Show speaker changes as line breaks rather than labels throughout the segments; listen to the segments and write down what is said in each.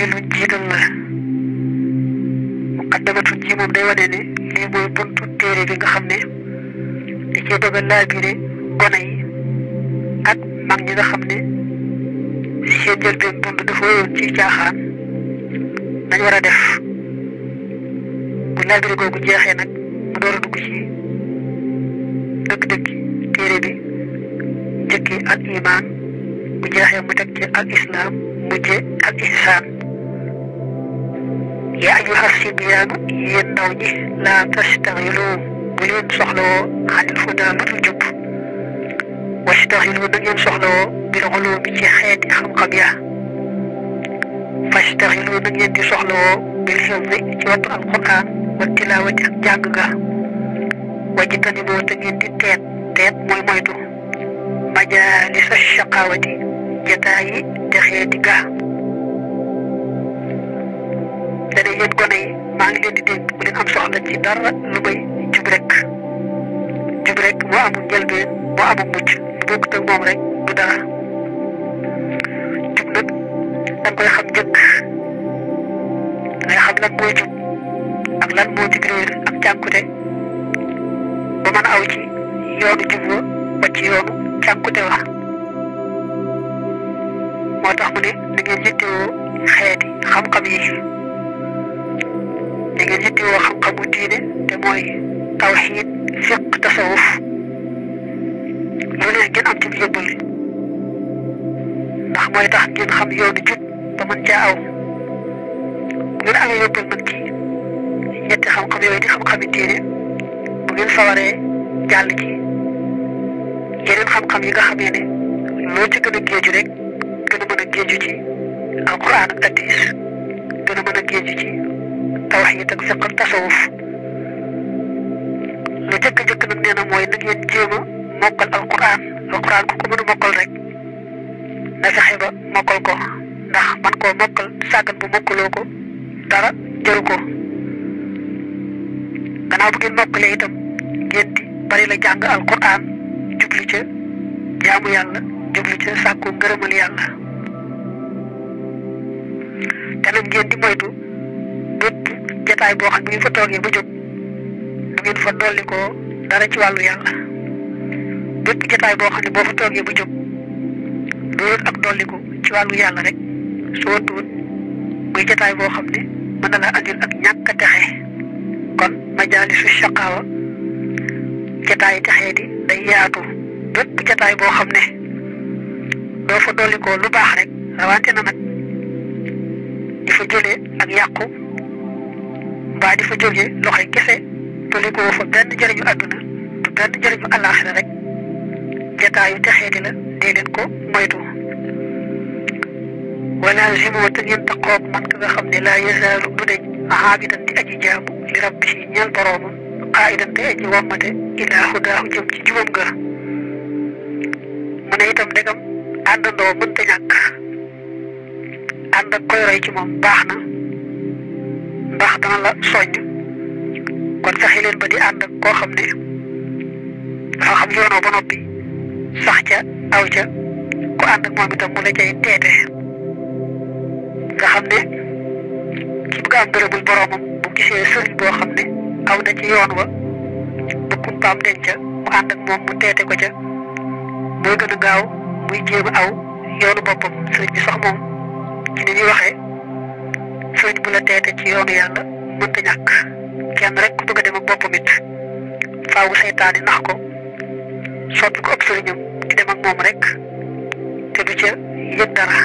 jiital la muqaddamatu ji moom day wane ne lii mooy buntu téere bi nga xam ne da cee bëgg a laabire gone yi ak mag ñi nga xam ne seen njëlbeen dund dafa wéyoon ci caaxaan nañ war a def bu laabire googu jeexee nag mu door a dugg ci dëgg-dëgg téere bi njëkki ak imaan bu jeexee mu teg ci ak islaam mujje ak ihsaan yaa ayyuhaa sibyaanu yéen ndaw ñi laa tastaxilu bu soxlawoo xanil hudaa lu dul jub wastaxilu da soxlawoo bil ulumi ci xeeti xam yaa fastaxilu da ngeen soxlawoo bil xifdi ci wattu alquran wa tilaawati ak jàng ga wajitani boo te ngeen di teet teet mooy moytu majalisa shaqaawati jataayi texeeti ga te de yéen gone yi maa ngi leen di dégg bu leen am soxla ci dara lu may jub rek jub rek moo amul njëlbeen moo amul mucc bu bokkut moom rek du dara jub nag da nga koy xam njëkk ngay xam lan mooy jub ak lan moo jub réer ak ba mën a aw ci yoonu jub wa ba ci yoonu wa moo tax mu ne da ngeen yittewoo xeeti xam-xam yi. ngeen yittewoo xam-xamu diine te mooy tawxiid fiq tasawuf loolu ngeen am ci bu yóbbal mooy tax ngeen xam yoonu jub ba mën caa aw bu ngeen amee yóbbal nag ci ñetti xam-xam yooyu di xam-xami diine bu xam-xam yi nga xamee ne loo ci gën a géeju rek gën a mën a géeju ci alquran ak addis gën a mën a géeju ci talax yi tam seqal ta suuf lu jëkk-jëkk nag nee na mooy na ngeen jéem a mokkal alquran alquran ku ko mën a mokkal rek na fexe ba ko ndax man koo mokkal sàggan bu mokkaloo ya ko dara jëru ko gannaaw bu ngeen mokkalee ya itam ngeen di bari la jàng alquran jublu ca jaamu yàlla jublu ca sàkku ngërëmal yàlla te jotaay boo xam bu ngeen fa toogee ba jóg bu ngeen fa dolli ko dara ci wàllu yàlla bépp jotaay boo xam ne boo fa toogee ba jóg ak dolliku ci wàllu yàlla rek soo tuut muy jotaay boo xam ne mën na la andil ak ñàkk a texe kon majaalisu shaqaawa jotaay texee di day yaatu bépp jotaay boo xam ne doo fa dollikoo lu baax rek rawante na nag di fa jëlee ak yàqu mbaa di fa jógee loxoy kese tuli ko fa benn jëriñu àdduna du benn jëriñu àllaaxira rek jataayu texee di la dee leen ko moytu wala zimoo te ngeen taqoog man ka nga xam ne laa yasaalu du deñ xaabidan di aji jaamu li rabbi si ñeel boroomam qaayidan te aji wommate ilaa hudaahu jëm ci jubam ga mu ne itam ndegam àndandoo mënta ñàkk ànd ak koy roy ci moom baax na baax dana la soññ kon fexe leen ba di ànd koo xam ne dafa xam yoonoo ba noppi sax ca aw ca ku ànd ak moom itam mu la cay teete nga xam ne ci bëgg am gërëmul boromam bu gisee sëriñ boo xam ne aw na ci yoon wa ba kumpaam den ca mu ànd ak moom mu teete ko ca moo gën a gaaw muy jéem aw yoonu boppam sëriñ bi sax moom ci ni sëriñ bu la teete ci yoonu rek ku bëgg a dem ak boppam it faaw seytaan yi nax rek te du ca yëg dara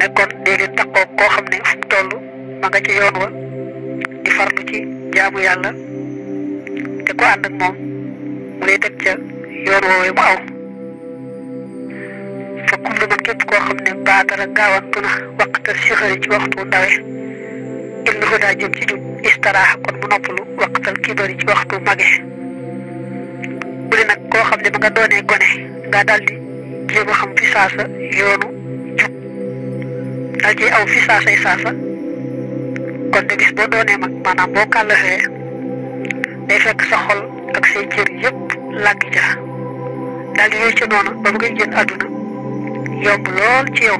nekkoon dee leen takkoo koo xam ne di farlu ci jaamu yàlla te ko ànd ak moom te kull man ne baadara gaawantu na waqtal sixari ci waxtu ndawe ilmi huda jëm ci jub istaraax kon mu noppalu waqtal kibari ne nag koo xam ne ba nga doonee gone nga daldi jéem a xam fi saasa yoonu jub dal ci aw fi saasay saasa kon de yomb lool ci yow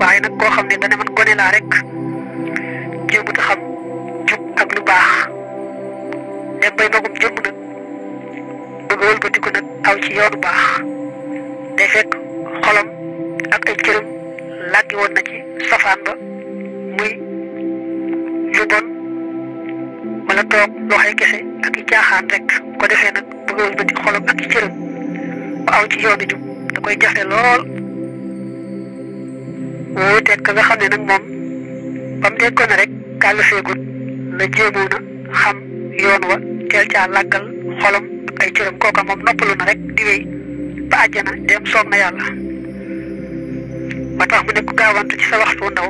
waaye nag koo xam ne dana man gone laa rek jéemut a xam jub ak lu baax dem bay magum jëmm nag bëgg wëlbatiku nag aw ci yoonu baax day fekk xolam ak woon na ci safaan ba i caaxaan rek aw ci yoonu jub da koy jafe lool wuuteeg ka nga xam ne nag moom ba mu nekkoon rek kàll feegut la jéemoon xam yoon wa teel caa làggal ay cëram kooka moom noppalu na rek di wéy ba àjjana dem soob na yàlla ba tax mu nekk gaawantu ci sa waxtu ndaw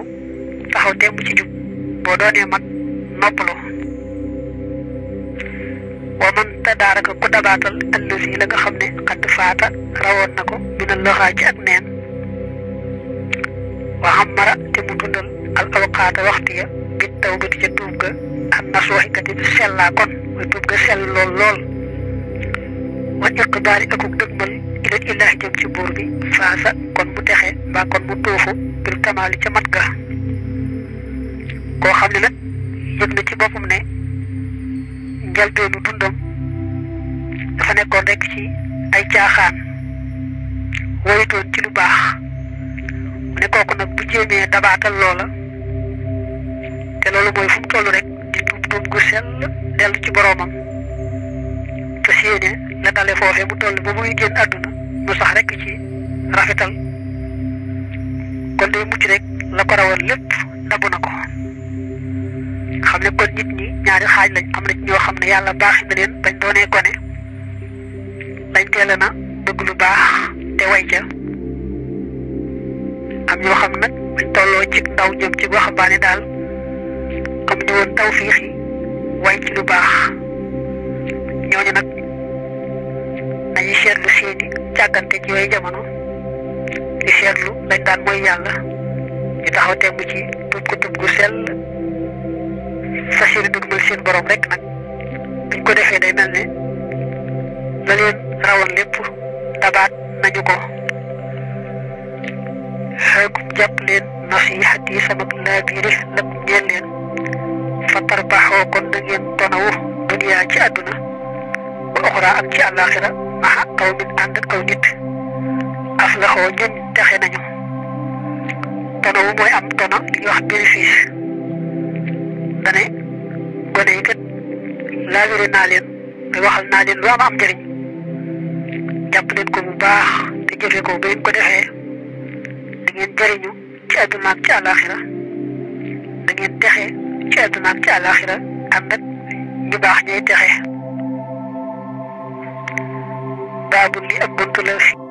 taxaw temb ci jub boo doonee mag noppalu wa man tadaaraka ku dabaatal allazi la nga xam ne xadd faata rawoon na ko minal loxaa ci ak neen wa amara te mu dundal al awqaata waxtu ya bi tawbati ca tuub ga ak nasuwaxi ka ci sellaa kon mooy tuub ga sell lool lool wa iqbaali akuk dëgmal ila ilaahi jëm ci buur bi faasa kon mu texe mbaa kon mu tuufu bil kooku nag bu jéemee dabaatal loola te loolu mooy fu mu toll rek di tuub tuub gu sell dellu ci boroomam te sééne la dale foofee mu toll ba muy génn àdduna mu sax rek ci rafetal kon day mucc rek la ko rawal lépp dabu na ko xam ne kon nit ñi ñaari xaaj lañ am na ñoo xam ne yàlla baax na leen bañ doonee gone dañ teela na bëgg lu baax te way ca ñoo xam nag buñ tolloo ci ndaw jëm ci boo xambaane daal am na woon taw fiix yi waaye ci lu baax ñooñu nag dañuy seetlu seeni càggante ci yooyu jamono di seetlu lañ daan mooy yàlla ñu taxaw temb ci tub ko tub gu sell fas yéene dugmal seen borom rek nag buñ ko defee day mel ne la leen lépp tabaat nañu ko fexeeku jàpp leen nasihat yi sama laabiire nag ñeel leen fa tarbaxoo kon na ngeen tonawu duniyaa ci àdduna ba oxraa ak ci àllaaxira maxa mooy am tona li ñuy wax bénéfice dane gone yi kat laabire naa am am njëriñ jàpp leen baax te jëfe ko ba ko defee ngeen jëriñu ci àdduna ak ci àllaaxira da ngeen texe ci àdduna ak ci àllaaxira ànd ak ñu baax ñooy texe baabu li ab bunt la fi